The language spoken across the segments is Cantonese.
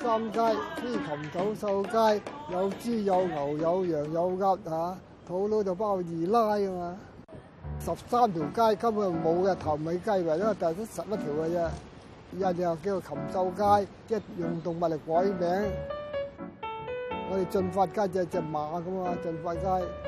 三街，飛禽走獸街，有豬有牛有羊有鴨吓，土佬就包二奶啊嘛！十三條街根本就冇嘅，頭尾雞為因為就得十一條嘅咋，人哋又叫做禽獸街，即係用動物嚟改名。我哋駿發街就係隻馬噶嘛，駿發街。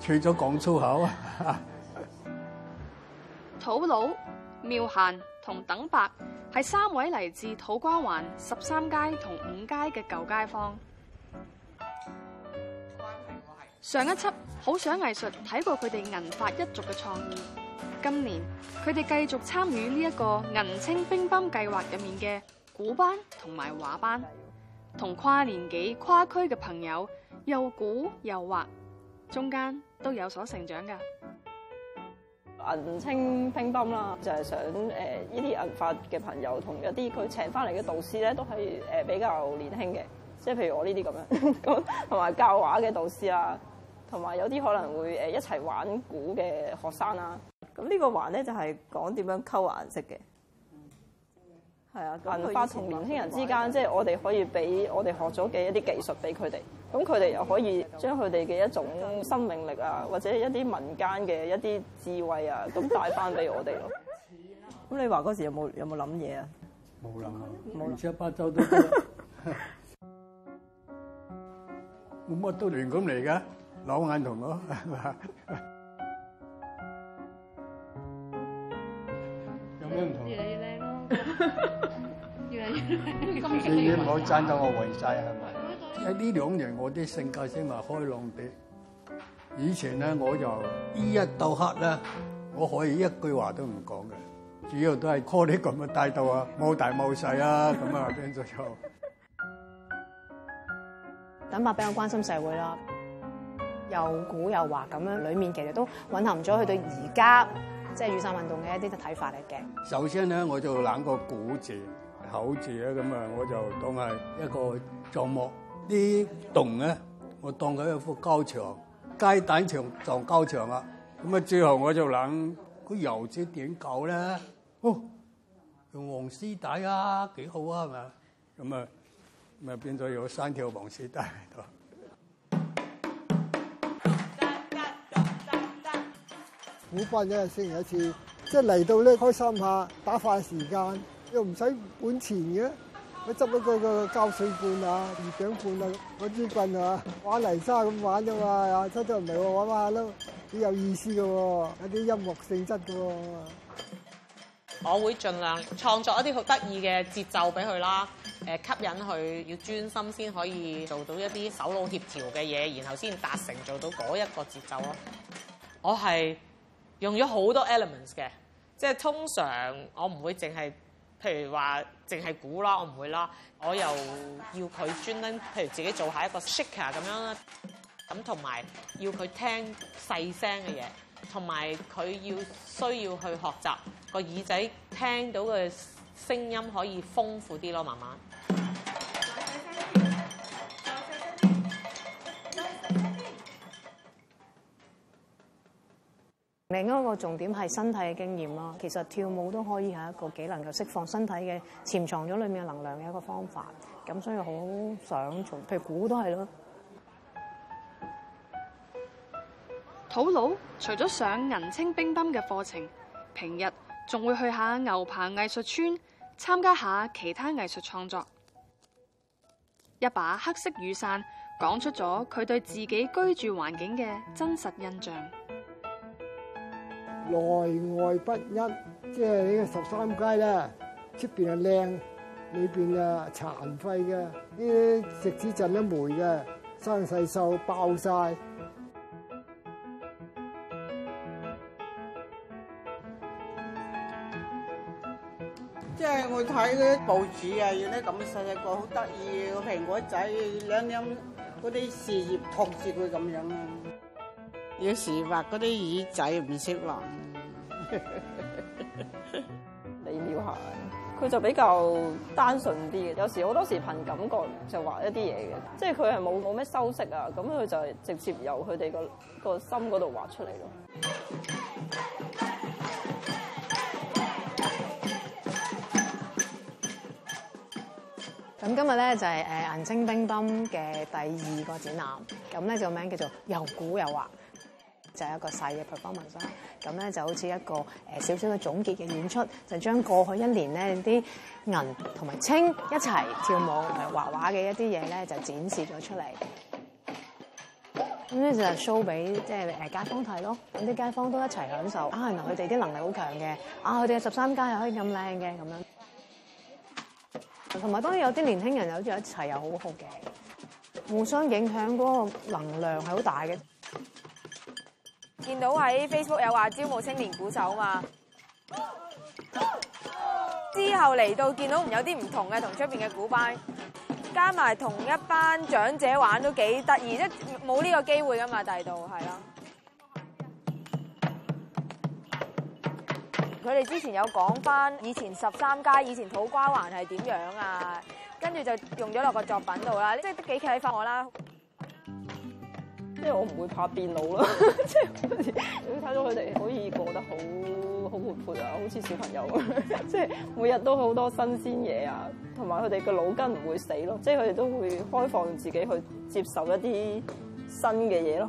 除咗講粗口啊！土佬、妙嫻同鄧伯係三位嚟自土瓜灣十三街同五街嘅舊街坊。上一輯好想藝術睇過佢哋銀髮一族嘅創意，今年佢哋繼續參與呢一個銀青乒乓計劃入面嘅鼓班同埋畫班，同跨年紀跨區嘅朋友又鼓又畫，中間。都有所成長㗎，銀青乒乓啦，就係、是、想誒呢啲銀髮嘅朋友同一啲佢請返嚟嘅導師咧，都係誒、呃、比較年輕嘅，即係譬如我呢啲咁樣，咁同埋教畫嘅導師啊，同埋有啲可能會誒、呃、一齊玩鼓嘅學生啊，咁呢個環咧就係講點樣溝顏色嘅，係、嗯、啊，銀髮同年輕人之間，即、就、係、是、我哋可以俾我哋學咗嘅一啲技術俾佢哋。咁佢哋又可以將佢哋嘅一種生命力啊，或者一啲民間嘅一啲智慧啊，都帶翻俾我哋咯。咁你話嗰時有冇有冇諗嘢啊？冇諗啊，無遮巴州都冇乜 都亂咁嚟噶，扭眼同咯。 有咩唔同？越嚟越靚咯， 越嚟越靚咁你唔好爭到我位置係咪？是喺呢兩年，我啲性格先話開朗啲。以前咧，我就依一到黑咧，我可以一句話都唔講嘅。主要都係 call 啲咁嘅態度啊，冇大冇細啊，咁啊咁左右。等下俾我關心社會啦，又古又華咁樣，裡面其實都混合咗佢對而家即係雨傘運動嘅一啲睇法嚟嘅。首先咧，我就攬個古字口字啊。咁啊，我就當係一個作幕。啲洞咧，我當佢一幅膠牆，雞蛋牆就膠牆啦。咁啊，最後我就諗，個油紙點搞咧？哦，用黃絲帶啊，幾好啊，係咪？咁啊，咁啊變咗有三條黃絲帶喺度。好翻一日星期一次，即係嚟到咧開心下，打發時間，又唔使本錢嘅。我執嗰個膠水罐啊、魚頂罐啊、嗰支棍啊，玩泥沙咁玩啫嘛，啊，真咗唔嚟喎，玩下都，幾有意思嘅喎，有啲音樂性質嘅喎、啊。我會盡量創作一啲好得意嘅節奏俾佢啦，誒吸引佢要專心先可以做到一啲手腦協調嘅嘢，然後先達成做到嗰一個節奏咯。我係用咗好多 elements 嘅，即係通常我唔會淨係，譬如話。淨係估啦，我唔會啦。我又要佢專登，譬如自己做下一個 shaker 咁樣啦。咁同埋要佢聽細聲嘅嘢，同埋佢要需要去學習個耳仔聽到嘅聲音慢慢可以豐富啲咯，慢慢。另一個重點係身體嘅經驗，其實跳舞都可以係一個幾能夠釋放身體嘅潛藏咗裏面嘅能量嘅一個方法，咁所以好想做，譬如鼓都係咯。土佬除咗上銀青乒乓嘅課程，平日仲會去下牛棚藝術村，參加下其他藝術創作。一把黑色雨傘，講出咗佢對自己居住環境嘅真實印象。內外不一，即係呢個十三街啦，出邊係靚，裏邊啊殘廢嘅，呢啲食紙陣都霉嘅，生細瘦爆晒。即係我睇嗰啲報紙啊，這的有啲咁嘅細細個，好得意蘋果仔，兩樣嗰啲事業托住佢咁樣啊。有時畫嗰啲耳仔唔識畫， 你妙下。佢就比較單純啲嘅，有時好多時憑感覺就畫一啲嘢嘅，即係佢係冇冇咩修飾啊。咁佢就直接由佢哋、嗰個心嗰度畫出嚟咯。咁今日咧就係、是、誒銀青乒乓嘅第二個展覽，咁咧就個名叫做又鼓又畫。就係、是、一個細嘅 performance 啦，咁咧就好似一個誒小小嘅總結嘅演出，就將過去一年咧啲銀同埋青一齊跳舞同埋畫畫嘅一啲嘢咧，就展示咗出嚟。咁咧就 show 俾即係誒街坊睇咯，咁啲街坊都一齊享受啊！嗱，佢哋啲能力好強嘅，啊，佢哋嘅十三街又可以咁靚嘅咁樣，同埋當然有啲年輕人有啲一齊又好好嘅，互相影響嗰個能量係好大嘅。見到喺 Facebook 有話招募青年鼓手嘛？之後嚟到見到有啲唔同嘅同出面嘅鼓班，加埋同一班長者玩都幾得意，即冇呢個機會㗎嘛？第度係啦。佢哋之前有講返以前十三街、以前土瓜灣係點樣啊？跟住就用咗落個作品度啦，即幾啟發我啦。因為我唔會怕變老咯，即 係、就是、好似你會睇到佢哋可以過得好好活潑啊，好似小朋友咁，即 係、就是、每日都好多新鮮嘢啊，同埋佢哋個腦筋唔會死咯，即係佢哋都會開放自己去接受一啲新嘅嘢咯。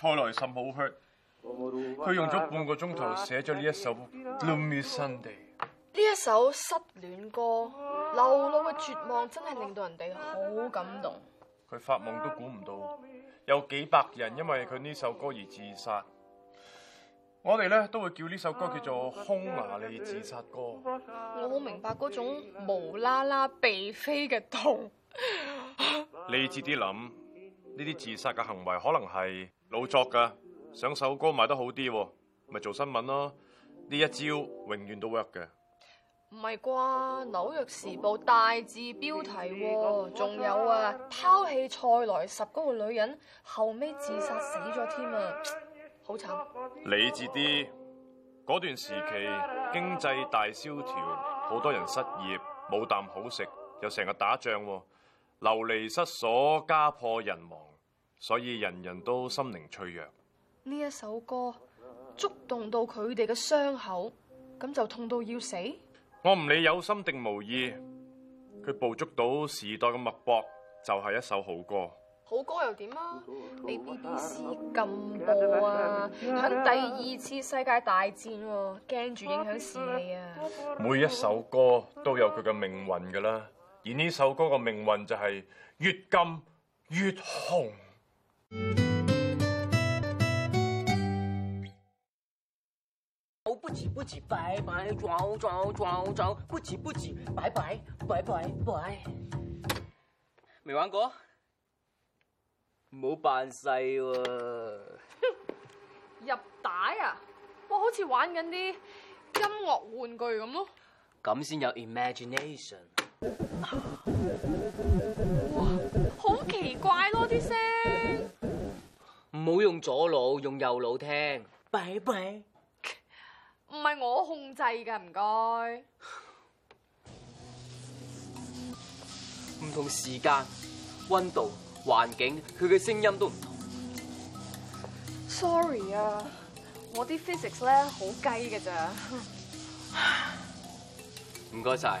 初來心好 hurt，佢用咗半個鐘頭寫咗呢一首《Gloomy Sunday》。呢一首失戀歌，流露嘅絕望真係令到人哋好感動。佢發夢都估唔到有幾百人因為佢呢首歌而自殺。我哋咧都會叫呢首歌叫做《匈牙利自殺歌》。我好明白嗰種無啦啦被飛嘅痛。 你自己諗。呢啲自殺嘅行為可能係老作噶，上首歌賣得好啲，咪做新聞咯。呢一招永遠都 work 嘅。唔係啩？紐約時報大字標題喎、啊，仲有啊，拋棄菜萊十嗰個女人，後尾自殺死咗添啊，好慘。理智啲，嗰段時期經濟大蕭條，好多人失業，冇啖好食，又成日打仗喎、啊。流離失所、家破人亡，所以人人都心靈脆弱。呢一首歌觸動到佢哋嘅傷口，咁就痛到要死。我唔理有心定無意，佢捕捉到時代嘅脈搏，就係、是、一首好歌。好歌又點啊？被 BBC 禁播啊？喺第二次世界大戰喎、啊，驚住影響士氣啊！每一首歌都有佢嘅命運噶啦。而呢首歌嘅命運就係越禁越紅。哦，不接不接，拜拜，抓抓抓抓，不接不接，拜拜拜拜拜，未玩過，唔好扮細喎。入帶啊！我好似玩緊啲音樂玩具咁咯。咁先有 imagination。哇，好奇怪咯啲聲！唔好用左腦，用右腦聽。拜拜，唔係我控制㗎，唔該。唔同時間、溫度、環境，佢嘅聲音都唔同。Sorry 啊，我啲 physics 咧好雞㗎咋？唔該晒。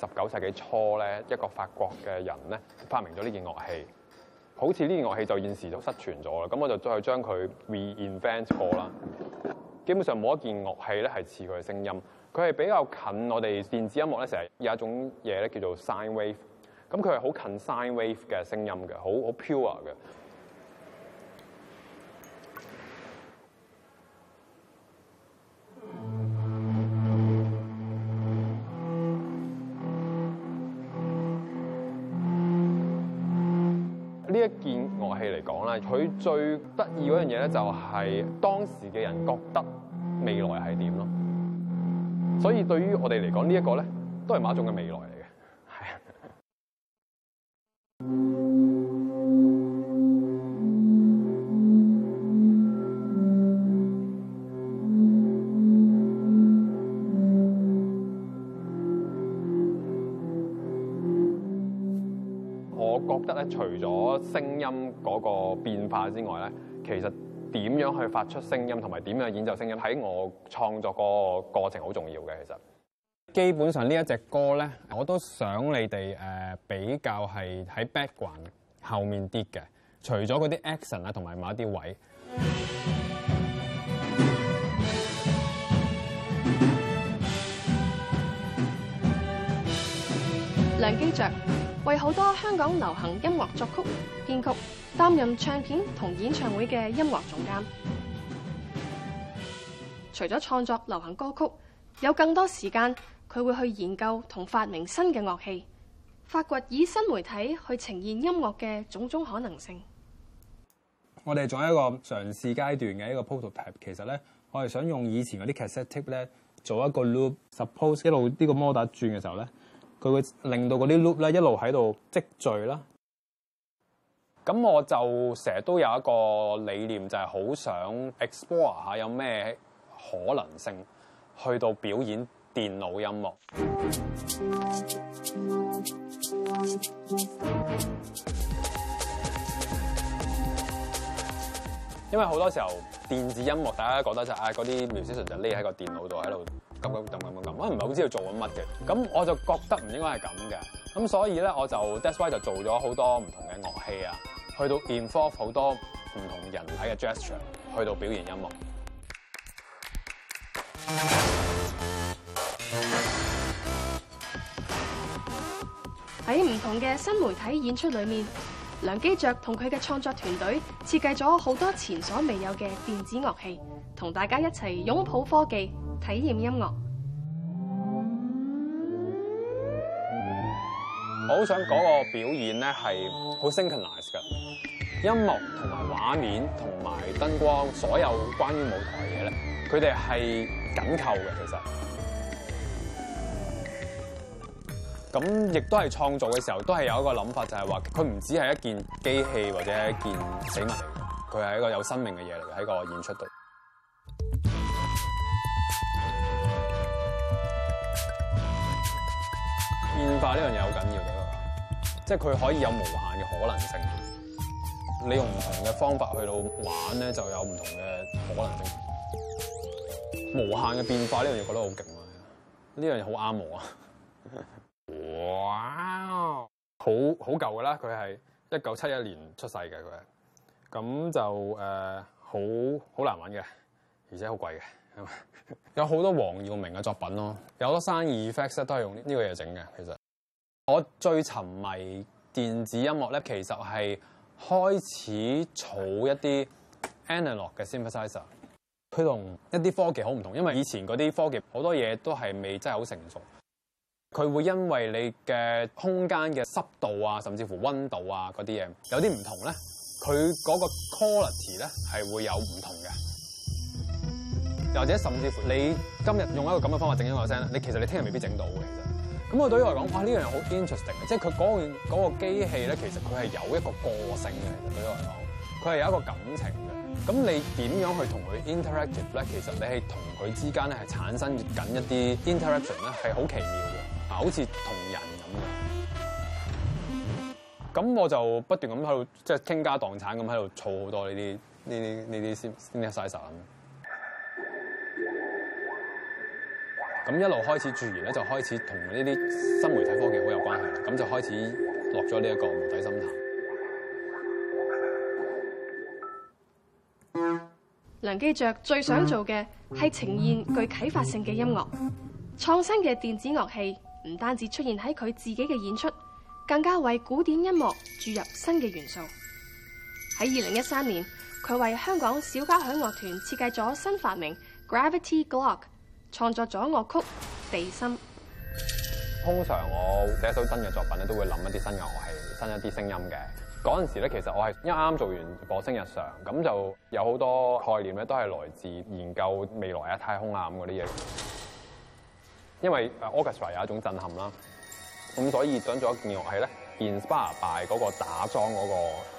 十九世紀初咧，一個法國嘅人咧發明咗呢件樂器，好似呢件樂器就現時失傳咗啦。咁我就再將佢 reinvent 過啦。基本上冇一件樂器咧係似佢嘅聲音，佢係比較近我哋電子音樂咧成日有一種嘢咧叫做 sine wave，咁佢係好近 sine wave 嘅聲音嘅，好好 pure 嘅。最得意嗰樣嘢咧就係當時嘅人覺得未來係點咯，所以對於我哋嚟講，呢一個咧都係馬總嘅未來覺得咧，除咗聲音嗰個變化之外咧，其實點樣去發出聲音同埋點樣演奏聲音，喺我創作個過程好重要嘅。其實基本上這呢一隻歌咧，我都想你哋誒、呃、比較係喺 background 後面啲嘅，除咗嗰啲 action 啊同埋某一啲位置。梁基爵。為好多香港流行音樂作曲、編曲，擔任唱片同演唱會嘅音樂總監。除咗創作流行歌曲，有更多時間佢會去研究同發明新嘅樂器，發掘以新媒體去呈現音樂嘅種種可能性。我哋仲有一個嘗試階段嘅一個 prototype 其實咧，我哋想用以前嗰啲 cassette tape 咧做一個 loop，suppose 一路呢個摩打轉嘅時候咧。佢會令到嗰啲 loop 咧一路喺度積聚啦。咁我就成日都有一個理念，就係好想 explore 一下有咩可能性去到表演電腦音樂。因為好多時候電子音樂大家覺得就係啊，嗰啲 musician 就匿喺個電腦度喺度。咁咁咁咁咁，我唔係好知道做緊乜嘅，咁我就覺得唔應該係咁嘅，咁所以咧我就 that's why 就做咗好多唔同嘅樂器啊，去到 involve 好多唔同人體嘅 gesture 去到表現音樂。喺唔同嘅新媒體演出裏面。梁基爵同佢嘅創作團隊設計咗好多前所未有嘅電子樂器，同大家一齊擁抱科技，體驗音樂。我好想嗰個表演咧係好 synchronized 噶，音樂同埋畫面同埋燈光所有關於舞台嘢咧，佢哋係緊扣嘅，其實。咁亦都係創造嘅時候，都係有一個諗法，就係話佢唔只係一件機器或者一件死物嚟嘅，佢係一個有生命嘅嘢嚟嘅，喺個演出度變化呢樣嘢好緊要嘅，即係佢可以有無限嘅可能性。你用唔同嘅方法去到玩咧，就有唔同嘅可能性。無限嘅變化呢樣嘢覺得好勁啊！呢樣嘢好啱我啊！ 哇，好好舊噶啦，佢係一九七一年出世嘅，佢，咁就誒、呃、好好難揾嘅，而且好貴嘅。有好多黃耀明嘅作品咯，有好多生意 effects 都係用呢個嘢整嘅。其實我最沉迷電子音樂咧，其實係開始儲一啲 analog 嘅 synthesizer，佢同一啲科技好唔同，因為以前嗰啲科技好多嘢都係未真係好成熟。佢會因為你嘅空間嘅濕度啊，甚至乎溫度啊，嗰啲嘢有啲唔同咧，佢嗰個 quality 咧係會有唔同嘅，又或者甚至乎你今日用一個咁嘅方法整一個聲咧，你其實你聽日未必整到嘅。其實咁，我對於我嚟講，哇，呢樣嘢好 interesting 啊！即係佢嗰個嗰個機器咧，其實佢係有一個個性嘅。其實對於我嚟講，佢係有一個感情嘅。咁你點樣去同佢 interactive 咧？其實你係同佢之間咧係產生緊一啲 interaction 咧，係好奇妙嘅。好似同人咁樣，咁我就不斷咁喺度，即係傾家蕩產咁喺度儲好多呢啲呢啲呢啲 size 散。咁一路開始住完咧，就開始同呢啲新媒體科技好有關係。咁就開始落咗呢一個無底深潭。梁基爵最想做嘅係呈現具啟發性嘅音樂，創新嘅電子樂器。唔單止出現喺佢自己嘅演出，更加為古典音樂注入新嘅元素。喺二零一三年，佢為香港小交響樂團設計咗新發明 Gravity Glock，創作咗樂曲《地心》。通常我寫首新嘅作品咧，都會諗一啲新嘅樂器，新一啲聲音嘅。嗰陣時咧，其實我係一啱啱做完《火星日常》，咁就有好多概念咧，都係來自研究未來啊、太空啊咁嗰啲嘢。因為 orchestra 有一種震撼啦，咁所以想做一件樂器咧，inspire by 嗰個打樁嗰個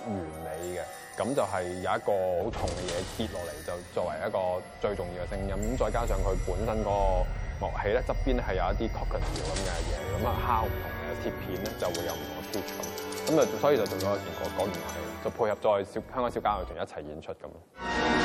原理嘅，咁就係有一個好重嘅嘢跌落嚟就作為一個最重要嘅聲音，咁再加上佢本身個樂器咧側邊咧係有一啲 copper 咁嘅嘢，咁啊敲唔同嘅鐵片咧就會有唔同嘅 pitch 咁，咁啊所以就做咗一件鋼管樂器，就配合在小香港小交響樂團一齊演出咁。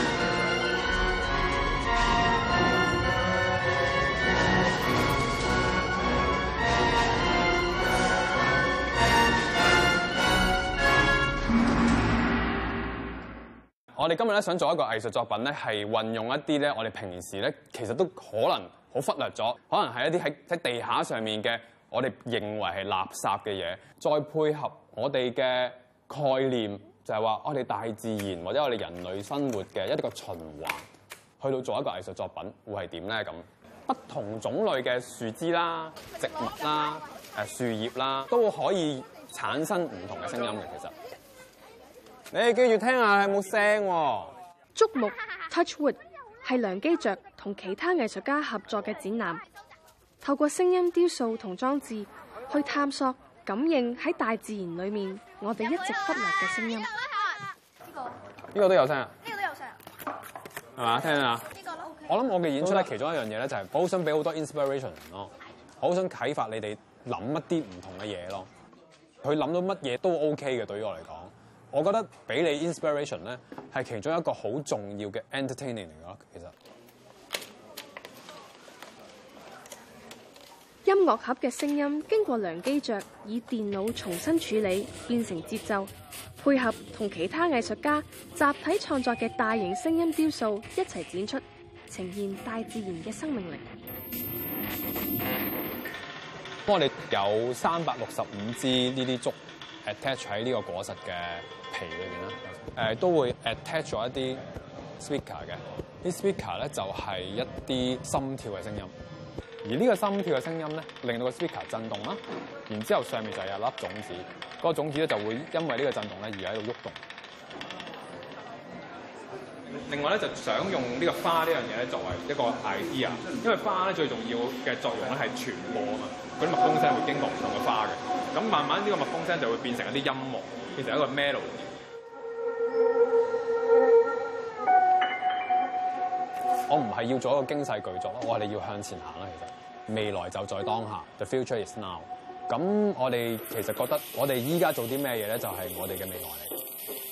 我哋今日咧想做一個藝術作品咧，係運用一啲咧，我哋平時咧其實都可能好忽略咗，可能係一啲喺喺地下上，上面嘅，我哋認為係垃圾嘅嘢，再配合我哋嘅概念，就係話我哋大自然或者我哋人類生活嘅一個循環，去到做一個藝術作品會係點咧咁？不同種類嘅樹枝啦、植物啦、誒樹葉啦，都可以產生唔同嘅聲音嘅，其實。你哋記住聽下係冇聲喎、啊。竹木 Touch Wood 係梁基爵同其他藝術家合作嘅展覽，透過聲音雕塑同裝置去探索、感應喺大自然裏面我哋一直忽略嘅聲音。呢、這個呢個都有聲啊！呢、這個都有聲音，係嘛？聽啊聽！呢、這個有我諗我嘅演出咧、嗯，其中一樣嘢咧就係好想俾好多 inspiration 咯，好、嗯、想啟發你哋諗一啲唔同嘅嘢咯。佢諗到乜嘢都 OK 嘅，對於我嚟講。我覺得俾你 inspiration 咧，係其中一個好重要嘅 entertaining 嚟噶。其實，音樂盒嘅聲音經過梁基爵，以電腦重新處理，變成節奏，配合同其他藝術家集體創作嘅大型聲音雕塑一齊展出，呈現大自然嘅生命力。我哋有三百六十五支呢啲竹。attach 喺呢個果實嘅皮裏面，啦、呃，都會 attach 咗一啲 speaker 嘅，啲 speaker 咧就係一啲心跳嘅聲音，而呢個心跳嘅聲音咧令到個 speaker 震動啦，然之後上面就有一粒種子，嗰種子咧就會因為呢個震動咧而喺度喐動。另外咧就想用呢個花呢樣嘢咧作為一個 idea，因為花咧最重要嘅作用咧係傳播啊嘛，嗰啲蜜蜂真係會經過唔同嘅花嘅。咁慢慢呢個蜜蜂聲就會變成一啲音樂，變成一個 melody、嗯。我唔係要做一個驚世巨作咯，我係要向前行啦。其實未來就在當下，the future is now。咁我哋其實覺得我哋依家做啲咩嘢咧，就係我哋嘅未來嚟。